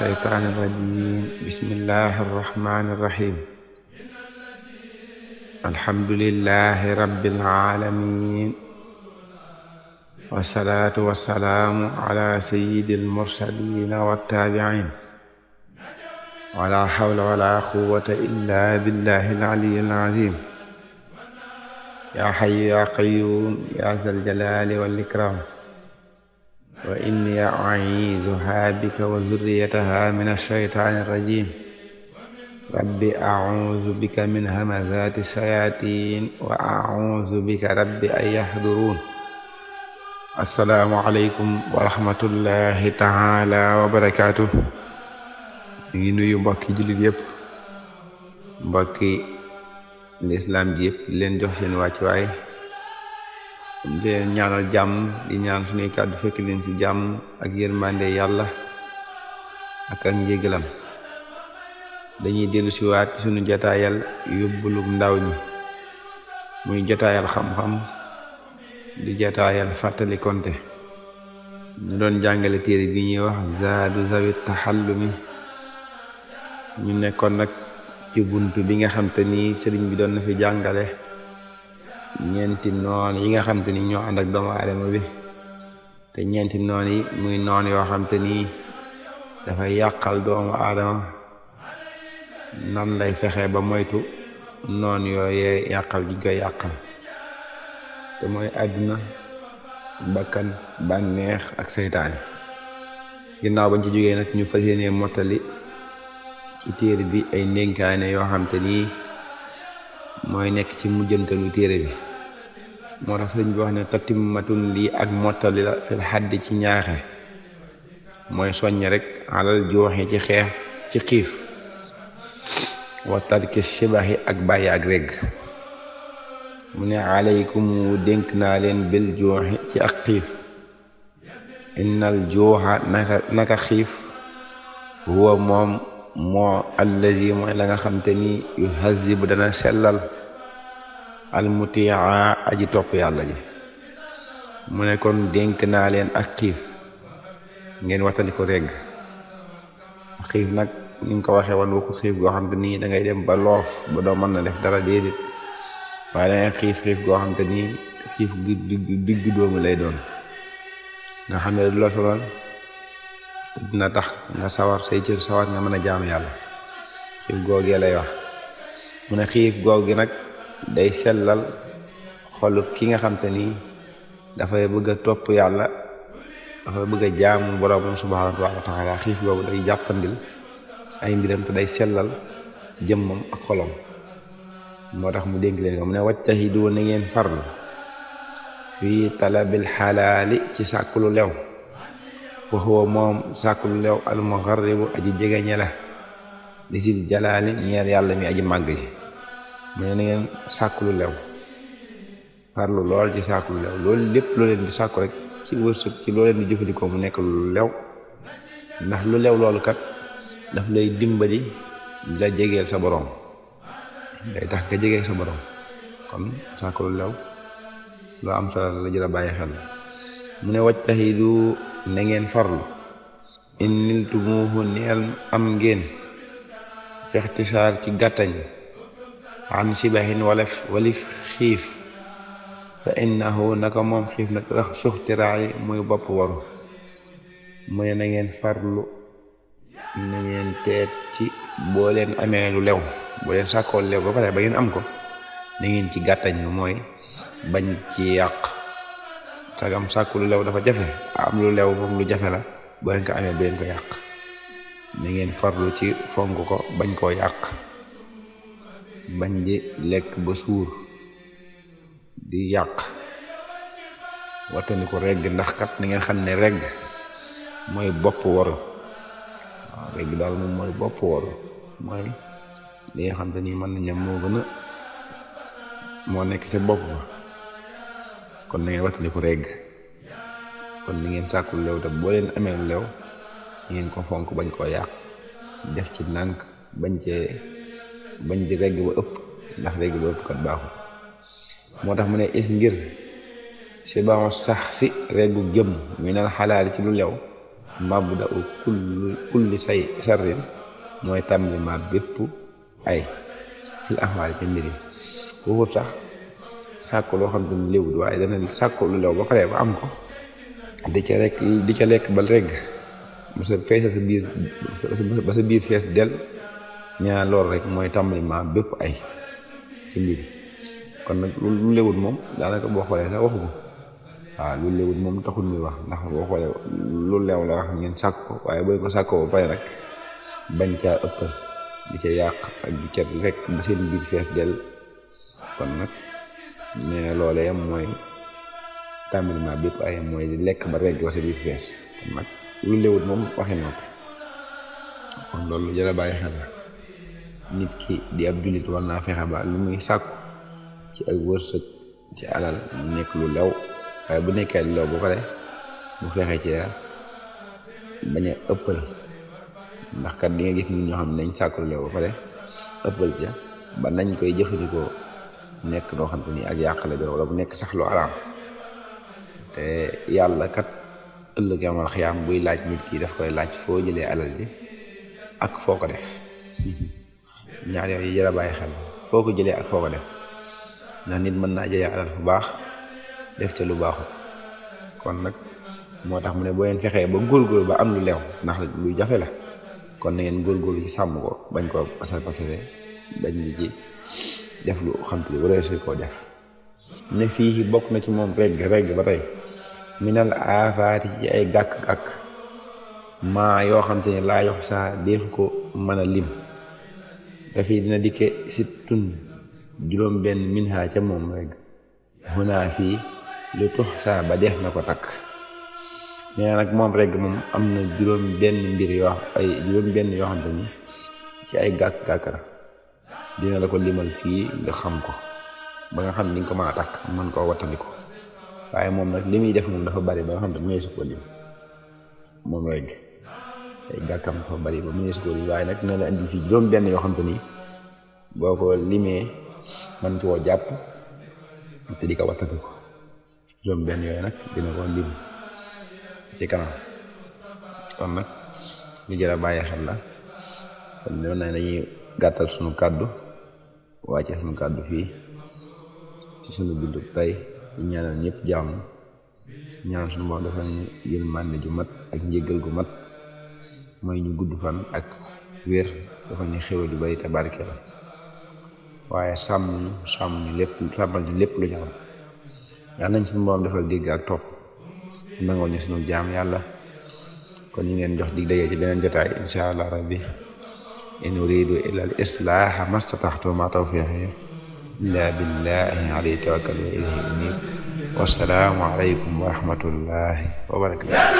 الشيطان الرجيم بسم الله الرحمن الرحيم الحمد لله رب العالمين والصلاة والسلام على سيد المرسلين والتابعين ولا حول ولا قوة إلا بالله العلي العظيم يا حي يا قيوم يا ذا الجلال والإكرام wa inni u'iizuhaa bika wa zurriyatahaa mina shaytaani rajiim rabbi a'uuzu bika min hamazaati shayaatiin wa a'uuzu bika rabbi an yahduruun assalaamu aleykum wa rahmatullahi taala wa barakaatu ñu ngi nuyu mbokki jullit yëpp mbokki lislaam ji yëpp leen jox seen wàccuwaay leen ñaanal jàmm di ñaan suñuy kàddu fekk leen ci jàmm ak yërmande yàlla ak ak njégalam dañuy dellu siwaat ci suñu jotaayal yóbbulug ndaw ñi muy jotaayal xam-xam di jotaayal fàttalikonte ñu doon jàngale téere bi ñuy wax zaadu zawi taxallumi ñu nekkoon nag ci bunt bi nga xam te ni sëriñ bi doon na fi jàngale ñeenti noon yi nga xamante ni ñoo ànd ak doomu aadama bi te ñeenti noon yi muy noon yoo xamante ni dafay yàqal doomu aadama nan lay fexe ba moytu noon yooyee yàqal gi koy yàqal te mooy àdduna bakkan bànneex ak seytaan ginnaaw bañ ci jógee nag ñu fas mottali téere bi ay ndénkaane yoo xamante ni mooy nekk ci mujjantalu téere bi moo tax sëriñ bi ne ne tatimmatun lii ak mottali la fil xaddi ci ñaaxe mooy soññ rek alal jooxe ci xeex ci xiif waxtaan ki sibaxi ak bàyyi ak regg mu ne aleykum wu dénk naa leen bil jooxe ci ak xiif innal jooxa naka xiif huwa moom moo allazi mooy la nga xam te ni yu xasibu dana sellal almutia aji topp yàlla ji mu ne kon dénk naa leen ak xiif ngeen watali ko regg xiif nag ni ko waxee woon xiif goo xam te nii da ngay dem ba loof ba doo mën na def dara déedéet waaye da xiif xiif goo xam te nii xiif gi digg doomu lay doon nga xam ne du la sonal dina tax nga sawar say cër sawar nga mën a jaam yàlla xiif googee lay wax mu ne xiif googi nag day sellal xolub ki nga xam te dafay bëgg a topp yàlla dafay bëgg a jaamu boroomam subhaanahu wa taala xiif boobu day jàppandil ay mbiram te day sellal jëmmam ak xolam moo tax mu dénk leen ko mu ne wajtahidu na ngeen farlu fii talabil xalaali ci sàkku lu lew wa huwa moom sàkku lu lew al mugarribu aji jegeñe la lisil jalaali ñeer yàlla mi aji màgg mu ne na ngeen sàkk lu lew farlu lool ci sàkk lu lew loolu lépp loo leen di sàkku rek ci wërsëg ci loo leen di jëfandikoo mu nekk lu lew ndax lu lew loolu kat daf lay dimbali di la jegeel sa borom day tax nga jegeel sa borom kon sàkk lu lew loo am solo la jëla bàyyi xel mu ne wajtahidu na ngeen farlu in niltumuhu neel am ngeen fextisaar ci gàttañ an sibahin walaf walif xiif fa innahu naka moom xiif nag rax suxtiraay muy bopp waru mu na ngeen farlu na ngeen teet ci boo amee lu lew boo leen sàkkoo lew ba pare ba ngeen am ko na ngeen ci gàttañ mooy bañ ci yàq sagam sàkku lu lew dafa jafe am lu lew moom lu jafe la boo leen amee bu ko yàq na ngeen farlu ci fonk ko bañ koo yàq bañ di lekk ba suur di yàq wattandi ko regg ndax kat ni ngeen xam ne regg mooy bopp waru waaw regg daal moom mooy bopp waru mooy li nga xam te ni mën nañu moo gën a moo nekk ca bopp kon na ngeen wattandi ko regg kon ni ngeen sàkkul lew te boo leen amee lew ngeen ko fonk bañ koo yàq def ci nànk bañ cee bañ di regg ba ëpp ndax regg ba ëpp kat baaxul moo tax mu ne is ngir si baaxu sax si reggu jëm mi nal xalaal ci lu lew mabda u kulli kulli say sarrin mooy tàmbali ma bépp ay fil axwaal ci mbir yi foofu sax loo xam te ni léwut waaye dana sàkk ba am ko di ca rek di ca lekk ba regg ba sa fees sa biir ba sa biir fees del ñaar loolu rek mooy tàmbalima bépp ay ci mbir kon nag lu lewut moom daanaka boo xoolee sax waxu ko lu lewut moom taxul muy wax ndax boo xoolee lu leew la ngeen sàkk waaye booy ko sàkkoo ba bañ caa ëppal di yàq ak di fees dell kon nag ne loolee mooy mooy di lekk ba rek ba sa biir fees kon moom waxi na kon loolu jërë bàyyi xel la nit ki di ab jullit war naa fexe ba lu muy sàkk ci ay wërsëg ci alal mu nekk lu lew waaye bu nekkee lu lew bu pare mu fexe ci bañ a ëppal ndax kat di nga gis nit ñoo xam ne dañ sàkku lu lew ba pare ëppal ca ba nañ koy jëfandikoo nekk loo xam te ni ak yàqale bi wala bu nekk saxlu lu te yàlla kat ëllëg amal xiyaam buy laaj nit ki daf koy laaj foo jëlee alal ji ak foo ko def ñaar yooyu jar a bàyyi xel foo ko jëlee ak foo ko def na nit mën naa jëlee alal fu baax def ca lu baaxut kon nag moo tax mu ne boo leen fexee ba góorgóorlu ba am lu leew ndax lu jafe la kon na ngeen góorgóorlu ci sàmm ko bañ koo pasal pasale bañ di ci def lu xam te lu waree su koo def mu ne fii bokk na ci moom rek regg ba tey minal aafaati ci ay gàkk-gàkk maa yoo xam te ne laa yox saa déef ko mën a lim dafii dina dikke sittun juróom benn minha ca moom rek xunaa fii lu tux saa ba def na ko takk nee nag moom rek moom am na juróom benn mbir yoo ay juróom benn yoo xamante ni ci ay gàkk-gàkk dina la ko limal fii nga xam ko ba nga xam ni ko mën a takk mën koo wattandiko waaye moom nag li muy def moom dafa bari ba nga xam ne mëneesu ko lim moom rek ay gàkkam dafa bari ba mënees koo waaye nag dina la indi fii juróom-benn yoo xam te ni boo ko limee mën koo jàpp te di ko wattatu ko juróom-benn yooyu nag dina ko lim ci kanam kon nag lu jar a bàyyi xel la kon noonu la ñuy gàttal sunu kàddu wàcce sunu kàddu fii ci sunu bindu tey ñu ñaanal ñëpp jàmm ñaan sunu moom dafa ñu yërmande ju mat ak njëggal ku mat. mooy ñu gudd fan ak wér dafa ñu xéwal du waaye sàmm ñu ñu lépp lu ñaw nañ suñu borom defal dégg ak suñu jaam yàlla kon ñu leen jox dig daje ci beneen jotaay insha allah rabbi in uridu illa al islaaha mastataxtu ma tawfiqi illa billahi alayhi tawakkalu aleykum wa rahmatullahi wa barakatu